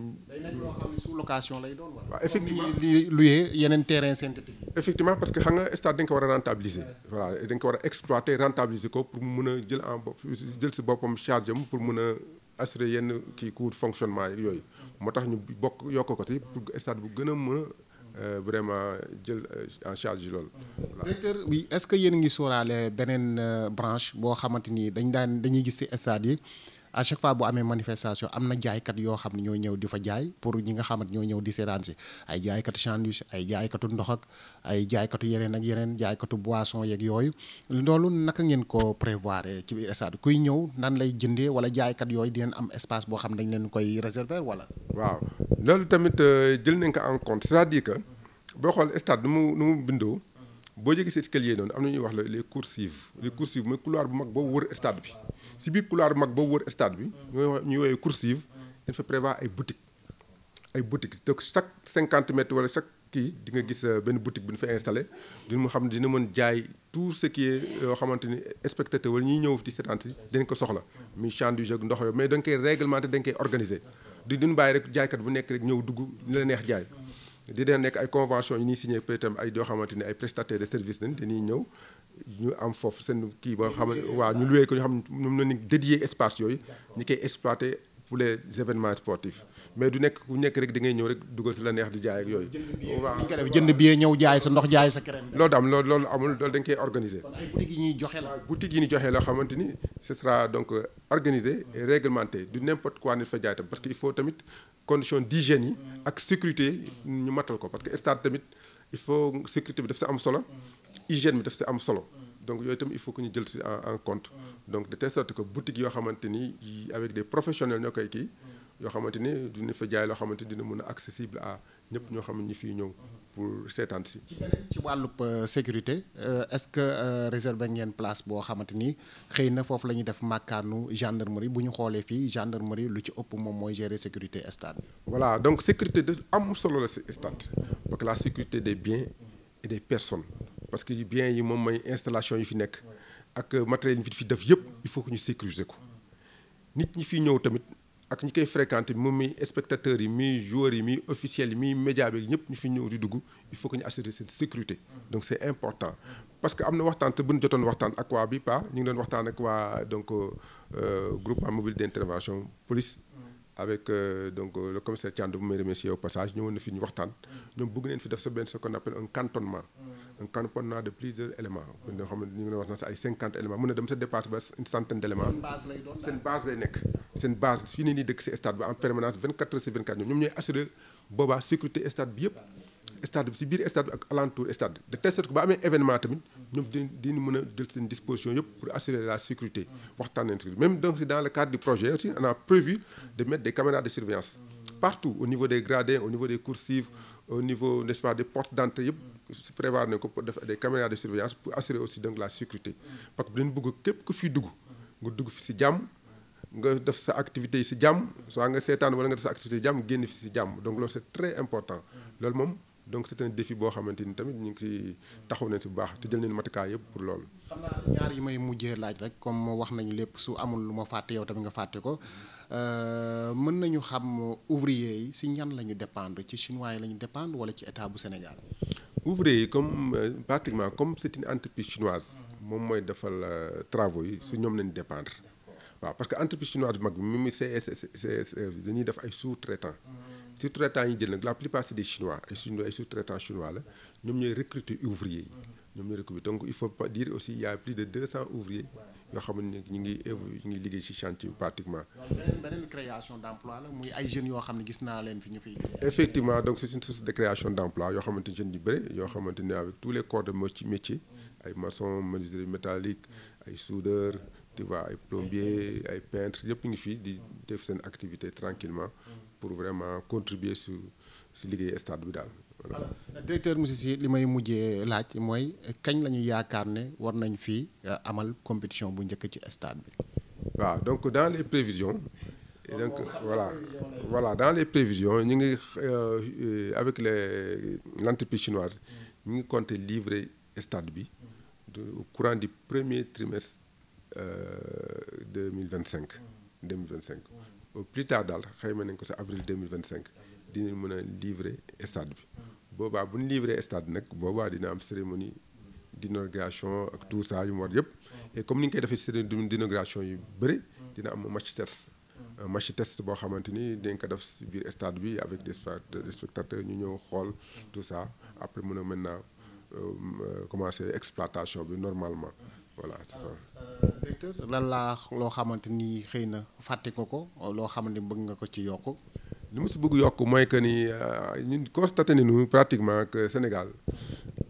effectivement parce que xam nga stade da war a rentabiliser. voilà da war a exploiter rentabiliser ko pour mu mën a jël si boppam charge pour mën a assurer yenn kii coût fonctionnement yi yooyu. moo tax ñu bokk yokk ko si pour stade bu gën a mën a Euh, vraiment euh, jël euh, en charge loolu. directeur oui est-ce que yéen ngi sóoraale beneen branche boo xamante ni dañ daan dañuy gis ci stade yi. à chaque fois bu amee manifestation am na jaaykat yoo xam ne ñoo ñëw di fa jaay pour ñi nga xamante ñoo ñëw di seetaan si ay jaaykatu sandwich ay jaaykatu ndox ak ay jaaykatu yeneen ak yeneen jaaykatu boisson yeeg yooyu loolu naka ngeen ko prévoir ci biir stade kuy ñëw nan lay jëndee wala jaaykat yooyu di leen am espace boo xam dañ leen koy réserver wala. waaw loolu tamit euh, jël nañ ko en compte c'est-à-dire que boo xool stade nu mu nu mu bindoo. boo jógee si escalier noonu am na ñuy wax la les coursives les coursives mooy couloir bu mag boobu wër stade bi si biir couloir bu mag boobu wër stade bi ñooy ñuy woowee coursive dañ fa prévoir ay boutiques ay boutiques donc chaque cinquante mètres wala chaque kii di nga gis euh, benn boutique bu ñu fa installé dina mu xam dina mën jaay tout ce qui est euh, yoo xamante ni spectateur wala ñuy ñëw ci seetaan si dañ ko soxla muy champ du jeu ndox yooyu mais dañ koy réglementé dañ koy organisé di duñ bàyyi rek jaaykat bu nekk rek ñëw dugg la neex jaay di dee nekk ay convention yu ñuy signé peut ay yoo xamante ni ay prestataires de service lañ dañuy ñëw ñu am foofu seen kii ba nga xam ne ñu loué ko ñu xam ne ñoom la ñu dédié espace yooyu ñu koy exploité pour les événements sportifs mais du nekk ku nekk rek da ngay ñëw rek dugal si la neex di jaay ak yooyu. waaw ko def ñëw jaay sa ndox jaay sa crème. loolu daam loolu loolu amul loolu dañ koy organiser. kon ay boutiques yi ñuy joxe la. boutiques yi xamante ni ce sera donc euh, organisé et du n'importe quoi nit fa jaay tam parce que il faut tamit condition d'hygiène yi. ak sécurité ñu matal ko parce que stade tamit il faut sécurité bi daf si am solo. hygiène bi daf si am solo. donc yooyu itam il faut que ñu jël si en compte. Mm. donc de que boutique yoo xamante ni avec des professionnels ñoo koy kii. yoo xamante ne dina fa jaay loo xamante dina mun a accessible à ñëpp ñoo xam ne ñi fiy ñëw pour seetaan si. ci wàllu wàllub euh, sécurité euh, est-ce que euh, réservé ngeen place boo xamante ni xëy na foofu la ñuy def màkkaanu gendarmerie bu ñu xoolee fii gendarmerie lu ci ëpp moom mooy gérer sécurité stade. voilà donc sécurité de am solo la si parce que la sécurité des biens et des personnes parce que biens yi moom mooy installation yi fi nekk ak matériel yi fi def yëpp il sécuriser ko nit ñi fiy ñëw tamit. ak ñi koy fréquenté moom mi spectateurs yi mi joueurs yi mi officiels yi mi média bi ñëpp ñu fi ñëw di dugg il faut que ñu assurer seen sécurité donc c' est important parce que am na waxtaan te bu ñu jotoon waxtaan ak waa bi pa ñu ngi doon waxtaan ak waa donc euh, euh, groupement mobile d' intervention police avec euh, donc euh, le commissaire Thiandoum may remercier au passage ñëwoon na fi ñu waxtaan ñoom bëgg neen fi def sa benn ce un cantonnement mm. un cantonnement de plusieurs éléments ñoo ne ñu ngi wax na sa ay cinquante éléments mën na dem sa dépasse ba une centaine seen base lay nekk seen base fii ne nii dëkk si stade bi en permanence 24 heures sur ñooy assurer boobaa sécurité stade bi yëpp stade bi si biir stade bi ak alentour stade de telle sorte que ba amee événement tamit ñoom di mën a jël seen disposition yëpp pour assurer la sécurité waxtaan nañ sécurité a prévu de mettre des caméras de surveillance partout au niveau des gradins au niveau aussi donc la sécurité parce que dañ bëgg képp ku fiy dugg nga dugg fi si jàmm nga def sa activité yi si jàmm soit nga seetaan wala nga def sa activité yi jàmm génn fi si jàmm donc loolu c'est très important loolu moom donc c' est boo xamante ni tamit ñu ngi ci taxaw nañ ci bu baax te jël nañ matukaay yëpp pour loolu. xam ñaar yi may mujjee laaj rek comme wax nañu lépp su amul lu ma fàtte yow tamit nga fàtte ko euh, mën nañu xam ouvrier yi si ñan la ñu dépendre ci chinois yi la dépendre wala ci état bu Sénégal. ouvrier yi comme euh, partiquement comme c' est une entreprise chinoise moom mooy defal euh, travaux yi su ñoom lañ dépendre. waaw parce que entreprise chinoise bu mag bi mu mi CSCSF dañuy def ay sous-traitants mm. sous-traitants yi jël nag la plupart c'est des chinois ay chinois ay sous-traitants chinois la ñoom ñooy recruter ouvrier yi mm. ñoom ñooy recruter donc il faut pas dire aussi il plus de 200 ouvriers yoo xam ne ñu ngi ñu liggéey ci chantier pratiquement. beneen beneen création d'emploi la muy yoo xam ne gis naa leen fi ñu fiy. effectivement donc c'est une source de création d'emploi yoo xamante jeunes yu bëri yoo xamante ne avec tous les corps de métier mm. ay maçon menuiserie métallique tu vois ay plombier ay peintre yëpp ngi fii di def seen activité tranquillement pour vraiment contribuer su si liggéey stade bi daal voilà directeur monsieur Sy li may mujjee laaj mooy kañ la ñu yaakaar ne war nañ fii euh, amal compétition bu njëkk ci stade bi waaw donc dans les prévisions Et donc voilà dans les prévisions ñu ngi euh, avec les l'entreprise chinoise ñu ngi compter livrer stade bi courant du premier trimestre Euh, deux mille vingt cinq. deux vingt cinq au plus tard daal ma nañ ko sa avril deux mille vingt cinq dinañ mën a livrer stade bi. boobaa bu ñu livrer stade nag boobaa dina am cérémonie d'inauguration ak tout yu mu war yëpp. et comme ni nga koy defee cérémonie d'inauguration yu bëri. dina am match test. match test boo xamante ni dañ ko def si biir stade bi avec des spectateurs ñu ñëw xool tout ça après mën a maintenant euh, euh, commencer exploitation bi normalement. voilà c'est ça. Euh, lan laa loo xamante nii xëy na fàtte ko ko loo xamante ni bëgg nga ko ci yokk. li mu si bëgg yokk mooy que ni euh, ñun constaté nu pratiquement que Sénégal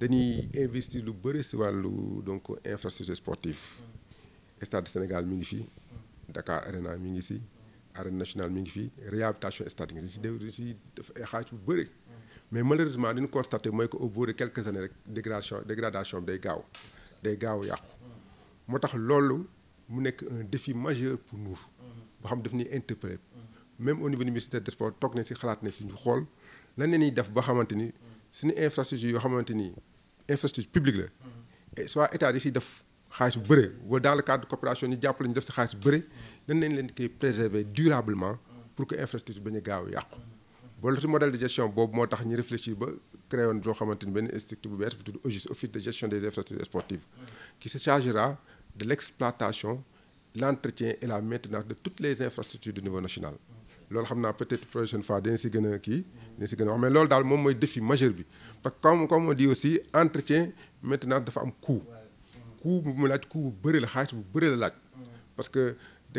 dañuy investir lu bëri si wàllu donc infrastructure sportive mm. stade Sénégal mi ngi fi. Mm. Dakar Arena mi ngi si. Mm. arène nationale mi ngi fi réhabilitation stade yi si def si xaalis bu bëri mais malheureusement li ñu constaté mooy ko au bout de quelques rek dégradation dégradation day gaaw day gaaw yàqu. moo tax loolu mu nekk un défi majeur pour nous. boo xam daf ñuy interpeller même au niveau du ministère des toog nañ si xalaat nañ si ñu xool lan la ñuy def ba xamante ni suñu infrastructure yoo xamante ni infrastructure publique la. et soit état di si def xaalis bu bëre wala dans le cadre de coopération ñu jàppale ñu def si xaalis bu bëre lan lañ leen koy préserver durablement pour que infrastructure bañ a gaaw a yàqu. boole si modèle de gestion boobu moo ta ñu réfléchir ba créé woon soo xamante ni bu bees bu tudd OGIS office de gestion des de l'exploitation l'entretien et la maintenance de toutes les infrastructures du niveau national lool xam naa peut-être prochaine fois dañ si gën a kii dañ si gën a wax mais loolu daal moom mooy défi majeur bi parce que comme comme on dit aussi entretien maintenance dafa am coût coût bu mu laaj coût bu bëri la xaalis bu bëri la laaj parce que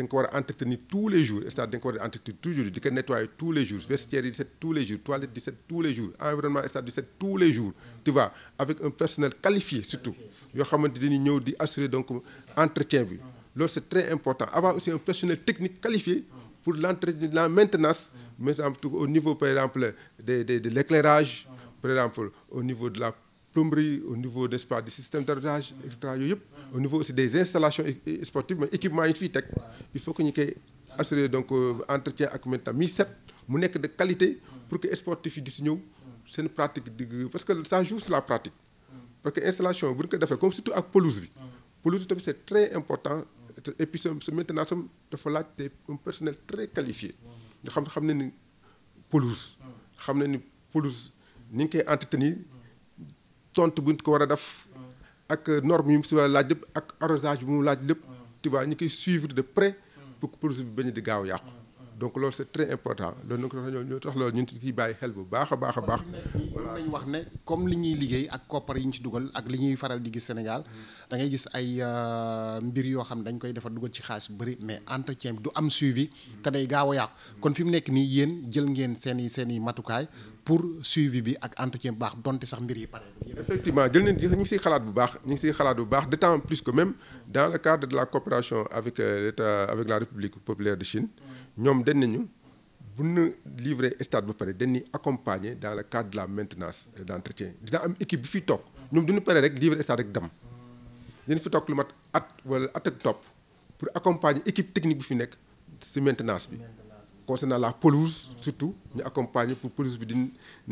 da nga ko war a entretenir tous les jours stade da nga ko war a entretenir toujours di tous les jours vestiaire yi tous les jours toilette di set tous les jours environnement stade tous les jours tu avec un personnel qualifié surtout yoo xamante dañuy ñëw di assurer donc entretien bi loolu c'est très important avoir aussi un personnel technique qualifié pour l'entretien la maintenance au niveau par exemple de l'éclairage par exemple au plomberie au niveau nest pas du système d'arrosage extra yooyu yëpp au niveau aussi des installations sportives mais équipement yi fii teg il faut que ñu koy assurer donc euh, entretien ak maintenant mi set mu nekk de qualité pour que sportif yi di si ñëw seen pratique di parce que ça joue sur la pratique parce que installation bu ñu ko defee comme surtout ak pelouse bi pelouse tamit c'est très important et puis sa maintenant sam dafa laaj te un personnel tontu buñ ko war a def ak norme yu mu si war a laaj lépp ak arrosage bi mu laaj lépp tu vois ñu koy suivre de près pour que produit bi bañ di gaaw a yàqu donc loolu c'est très important loolu nag ñoo tax loolu ñu ngi ciy bàyyi xel bu baax a baax a baax. wax ne comme li ñuy liggéey ak koppar yi ñu ci dugal ak li ñuy faral di gis Sénégal dangay gis ay euh, mbir yoo xam ne dañ koy defar dugal ci xaalis bu bëri mais entretien bi du am suivi. te day gaaw a yàqu kon fi mu nekk nii yéen jël ngeen seeni i seen i matukaay. pour suivi bi ak entretien bu baax donte sax mbir yi pare. effectivement jël nañ ñu ngi siy xalaat bu baax ñu ngi siy xalaat bu baax d' autant plus que même dans le cadre de la coopération avec euh, la ba pare dañ accompagner dans le cadre de la maintenance et d' entretien dina am équipe bi fi toog. ñoom du ñu paree rek livrer stade rek dem. dañu fi toog lu mat at wala at ak topp pour accompagner équipe technique bi fi nekk si maintenance bi. concernant la pelouse surtout ñu accompagner pour pelouse bi di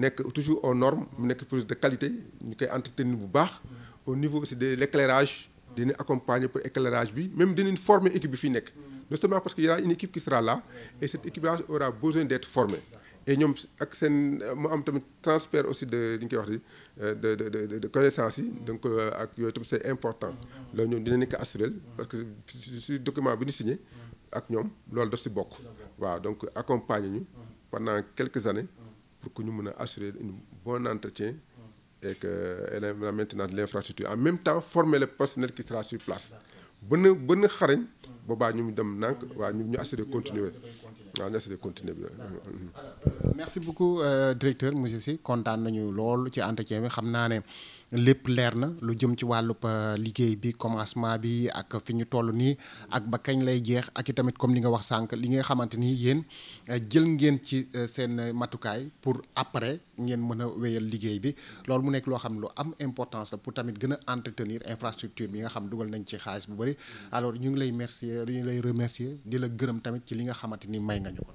nekk toujours aux norme mu nekk pelouse de qualité ñu koy entretenir bu baax au niveau aussi de l' éclairage dinañ pour éclairage bi même dina formé équipe bi fi nekk non seulement parce que y aura une équipe qui sera là et cette équipe aura besoin d' être ñoom ak seen mu am tamit aussi de li ñu koy wax euh, de de de de connaissance yi donc euh, ak yooyu tamit c' est important loolu ñoom dinañ ko assurer parce que si document bi ñu signé ak ñoom loolu daf si bokk. waaw donc accompagner ñu. pendant quelques années. pour que ñu mën a assurer une bon et que et la maintenance de l'infrastructure en même temps former le personnel qui sera sur place. bën bënn xariñ a xarañ. boobaa ñu dem nank waa ñu ñu assurer continuer waaw ñu assurer continuer bi. Euh, merci beaucoup euh, directeur monsieur Sy kontaan nañu lool ci entretien bi xam naa ne. lépp leer na lu jëm ci wàllub euh, liggéey bi commencement bi ak fi ñu toll nii ak ba kañ lay jeex ak i tamit comme li nga wax sànq li nga xamante nii yéen euh, jël ngeen ci euh, seen matukaay pour après ngeen mën a wéyal liggéey bi loolu mu nekk loo xam lu am importance la pour tamit gën a entretenir infrastructure bi nga xam dugal nañ ci xaalis bu bëri alors ñu ngi lay remercier ñu lay remercier di la gërëm tamit ci li nga xamante ni may nga ñu ko.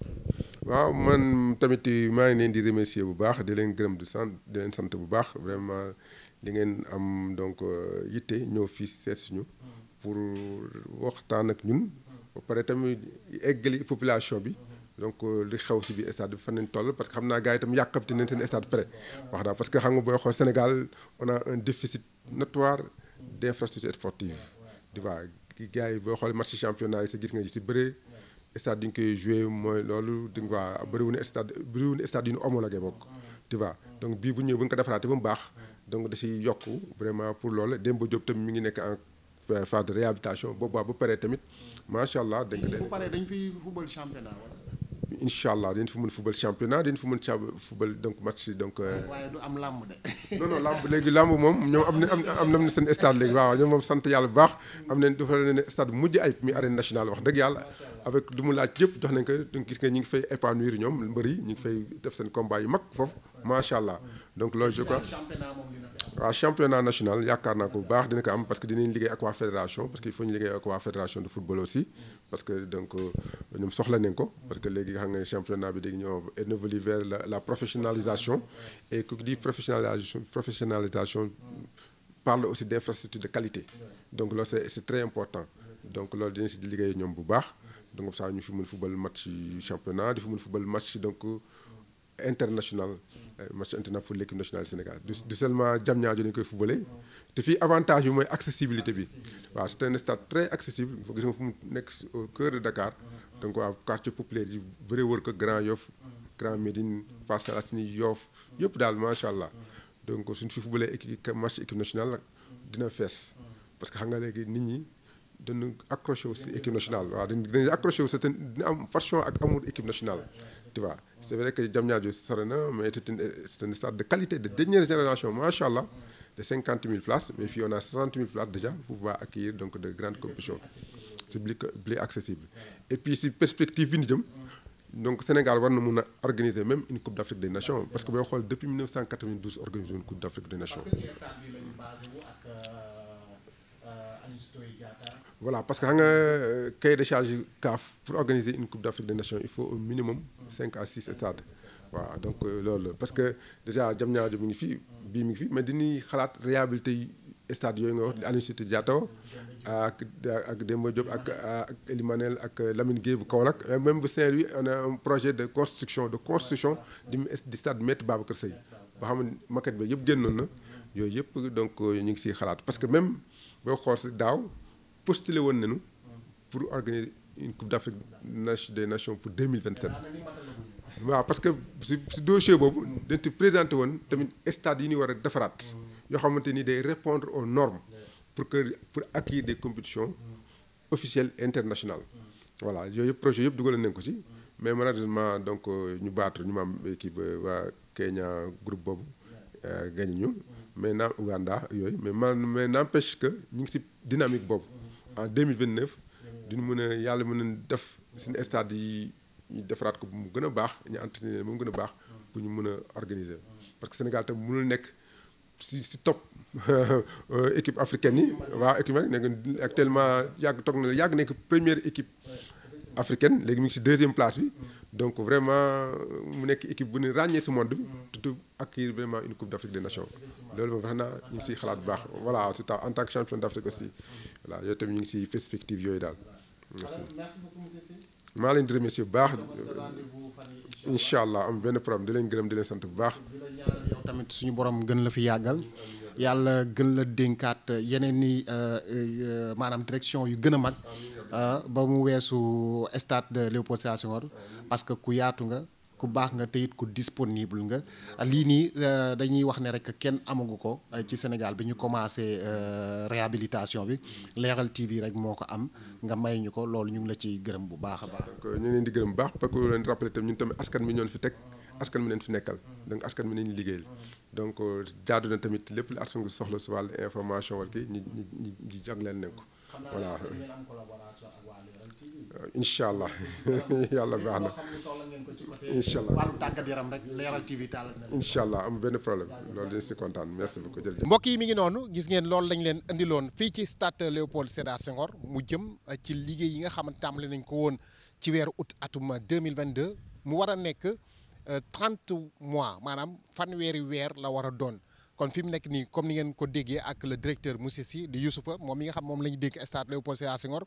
waaw man tamit maa ngi leen di remercier bu baax di leen gërëm di sant di leen sant bu baax vraiment di ngeen am donc euh, yitte ñëw fii sees ñu pour waxtaan ak ñun ba pare tamit eggali population bi donc euh, li xew si bi stade bi fan lañ toll parce que xam naa gars yi itam yàqamti nañ seen stade prêt wax naa parce que xam nga booy xool Sénégal on a un déficit d' infrastructure sportive yi booy xool match championnat yi sa gis nga ji si bëree stade yi ñu koy joué mooy loolu di nga waa bëriwuñu stade bëriwuñu stade yu ñu homologué bokk tu vois donc bii bu ñëwee bu ñu ko defaraatee ba mu baax donc da siy yokk vraiment pour loolu Demba Diop tamit mi ngi nekk en phase de réhabilitation boobaa bu paree tamit mm. macha allah. dañ ko bu paree dañ fiy football championnat wala. incha allah dañ fa mën football championnat dañ fa mën caa football donc match donc. Euh, waaye du am làmb de. (laughs) non non léegi làmb moom ñoom am na am nañu seen stade léegi waaw ñoom moom sant yàlla bu baax am nañu dafa ne stade bu mujj ayib mi arène nationale wax dëgg yàlla. avec lu mu laaj yëpp jox nañ donc gis nga ñu ngi fay épanouir ñoom mbër yi ñu ngi fay def seen combat yu mag foofu macha allah mm. donc loolu je crois. waaw championnat national yaakaar naa ko bu baax dina ko am parce que dinañ liggéey ak waa fédération parce que il faut ñu liggéey ak waa fédération de football aussi. parce que euh, nañ ko. parce que léegi xam nga championnat bi dañu ñëw évoluer vers la la professionnalisation. et ku di professionnalisation parle aussi d' infrastructure de qualité. donc loolu c' est c' est très important. donc loolu dinañ si liggéey ñoom bu baax. donc saa ñu fi mën football match championnat di fi mën football match donc. international euh, match international pour l'équipe nationale Sénégal du seulement Diamniadio lañ koy footballé te fii avantage bi mooy accessibilité bi waaw c'est un stade très accessible fa gis nga fu mu nekk au cœur de Dakar donc waaw quartier populaire yi vrai wër ko Grand Yoff Grand Médine Parcelles Assainies Yoff yëpp daal macha allah donc suñ fi footballé équipe match équipe nationale dina fees parce que xam nga léegi nit ñi dañu accroché wu si équipe nationale waaw dañu accroché wu si dina am façon ak amul équipe nationale tu vois c'est vrai que Diamniadio sore na mais c'est une c'est un stade de qualité de dernière génération macha allah de cinquante mais fii on a déjà pour pouvoir accessible et puis si perspective bi ñu jëm donc Sénégal war na mun a organiser même une Coupe d'Afrique des Nations parce que booy xool depuis 1992 organiser une Coupe d'Afrique des Nations. voilà parce que xam nga euh, cahier de charge CAF pour organiser une coupe d'Afrique des nations il faut au minimum cinq à six stades waaw donc euh, loolu parce que déjà Diamniadio mi ngi fi bii mi ngi fi mais dañuy xalaat réhabilité stades yooyu nga wax Aline Sitoé Diatta ak ak Demba Diop ak ak ak Lamine Gueye bu Kaolack même bu Saint-Louis projet de construction de construction du du stade Maître Babacar Sèye ba xam ne maquette bi yëpp génnoon na yooyu yëpp donc euh, ñu ngi siy xalaat parce que même boo xool si daaw postulé woon nañu pour organiser une coupe d'Afrique des nations pour 2027 waaw parce que si si boobu dañ ci woon tamit stade yi ñuy war a defaraat yoo xamante ni day répondre aux normes pour que pour accueillir des compétitions officielles internationales voilà yooyu yëpp projet yëpp dugal nañ ko ci mais malheureusement donc euh, ñu baatu ñu maam équipe euh, waa Kenya groupe boobu euh, gagné ñu mais naa Ouganda yooyu mais man mais n'empêche que ñu ngi si dynamique boobu en deux mille vingt neuf duñu mën a yàlla mën a def suñu stade yi ñu defaraat ko bu mu gën a baax ñu entretenir moom gën a baax bu ñu mën a organiser parce que Sénégal tam mënul nekk si si top (laughs) équipe africaine yi waaw équipe nekk actuellement yàgg toog na yàgg nekk première équipe africaine léegi mu ngi si deuxième place bi donc vraiment euh, mu nekk équipe bu ñu ràññee si monde bi surtout accueillir vraiment une coupe d' Afrique des loolu moom wax naa ñu ngi siy xalaat bu baax voilà c'est en tant que champion d' aussi yooyu tamit ñu ngi si perspective yooyu daal merci. maa leen di bu baax incha allah am benn problème di leen gërëm di leen sant bu baax. yow tamit suñu borom gën la fi yàggal. yàlla gën la dénkaat yeneen i euh, euh, maanaam direction yu gën a mag Euh, ba mu weesu stade de Léopold Sédar parce que ku yaatu nga ku baax nga teyit ku disponible nga lii nii euh, dañuy wax ne rek kenn amagu ko euh, ci Sénégal bi ñu commencé réhabilitation bi Leral TV rek moo ko am nga may ñu ko loolu ñu la ci gërëm bu baax a baax. ñu ngi leen di gërëm bu baax parce que leen rappelé tam ñun tamit askan mi ñoon fi teg askan mi leen fi nekkal donc askan mi ñu liggéeyal donc jaadu na tamit lépp li askan soxla si wàllu information war ki ñi ñi ñi jagleen ko. voilà euh, incha allah (laughs) yàlla baax na incha allah incha allah am benn problème loolu dañ si kontaan merci beaucoup jërëjëf. mbokk yi mi ngi noonu gis ngeen loolu lañ leen indiloon fii ci stade Léopold Sédar Senghor mu jëm euh, ci liggéey yi nga xamante tàmbali nañ ko woon ci weeru août atum 2022 mu war a nekk 30 euh, mois maanaam fanweeri weer la war a doon. kon fi mu nekk nii comme ni ngeen ko déggee ak le directeur monsieur Sy di Youssoufa moom mi nga xam moom la ñu dégg stade Léopold Sédar Senghor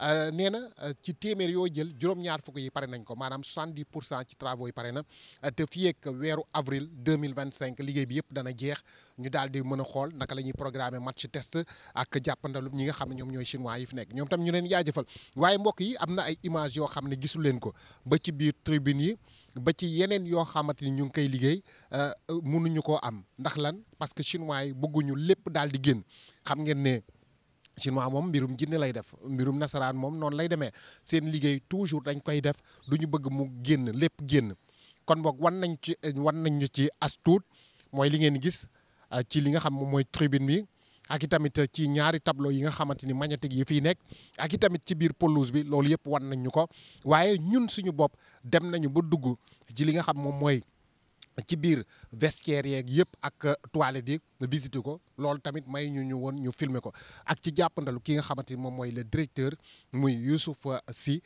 euh, nee na euh, ci téeméer yoo jël juróom-ñaar fukk yi pare nañ ko maanaam 70 pour cent ci travaux yi pare na euh, te fii ak weeru avril 2025 liggéey bi yëpp dana jeex ñu daal di mën a xool naka la ñuy programmer match test ak jàppandalu ñi nga xam ne ñoom ñooy chinois yi fi nekk ñoom tam ñu neen jaajëfal waaye mbokk yi am na ay images yoo xam ne gisul ko ba ci biir tribune yi ba ci yeneen yoo xamante ni ñu ngi koy liggéey euh, mënuñu koo am ndax lan parce que chinois yi bëgguñu lépp daal di génn xam ngeen ne chinois moom mbirum jinne lay def mbirum nasaraan moom noonu lay demee seen liggéey toujours dañ koy def du ñu bëgg mu génn lépp génn kon boog wan nañ ci wan nañ ñu ci as mooy li ngeen gis euh, ci li nga xam moom mooy tribune bi ak i tamit eh, ci ñaari tableau yi nga xamante ni magnétique yi fii nekk ak i tamit ci biir pelouse bi loolu yëpp wan nañ ko waaye ñun suñu bopp dem nañu ba dugg ci li nga xam moom mooy ci biir vestiaire yeeg yëpp ak eh, toilette yi visité ko loolu tamit may ñu ñu woon ñu filmer ko ak ci jàppandalu ki nga xamante ni moom mooy le directeur muy Youssouf eh, si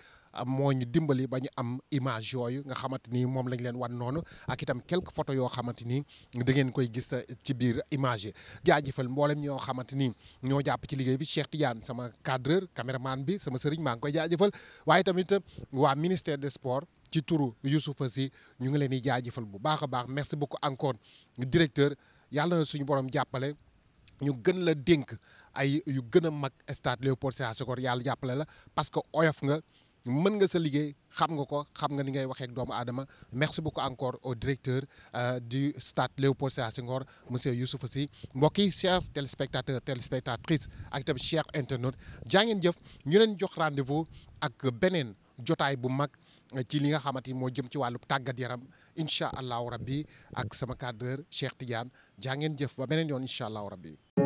moo ñu dimbali ba ñu am image yooyu nga xamante ni moom lañ leen wan noonu ak itam quelques photos yoo xamante ni da ngeen koy gis eh, ci biir image yi jaajëfal mboolem ñoo xamante ni ñoo jàpp ci liggéey bi Cheikh tijaan sama cadreur caméraman bi sama sëriñ maa ngi koy jaajëfal waaye tamit eh, waa ministère de sports ci turu Youssoufa si ñu ngi leen di jaajëfal bu baax a baax merci beaucoup encore directeur yàlla na suñu borom jàppale ñu gën la dénk ay yu gën a mag stade Léopold Sédar yàlla jàppale la nga mën nga sa liggéey xam nga ko xam nga ni ngay waxee ak doomu aadama merci beaucoup encore au directeur euh, du stade Léopold Sédar Senghor monsieur Youssoupha Sy mbokk yi chers téléspectateurs téléspectatrices ak itam chers internautes jaa ngeen jëf ñu leen jox rendez ak beneen jotaay bu mag ci li nga xamante ni moo jëm ci wàllu tàggat yaram incha allahu rabbi ak sama cadreur Cheikh Tidiane jaa ngeen jëf ba beneen yoon incha allahu rabbi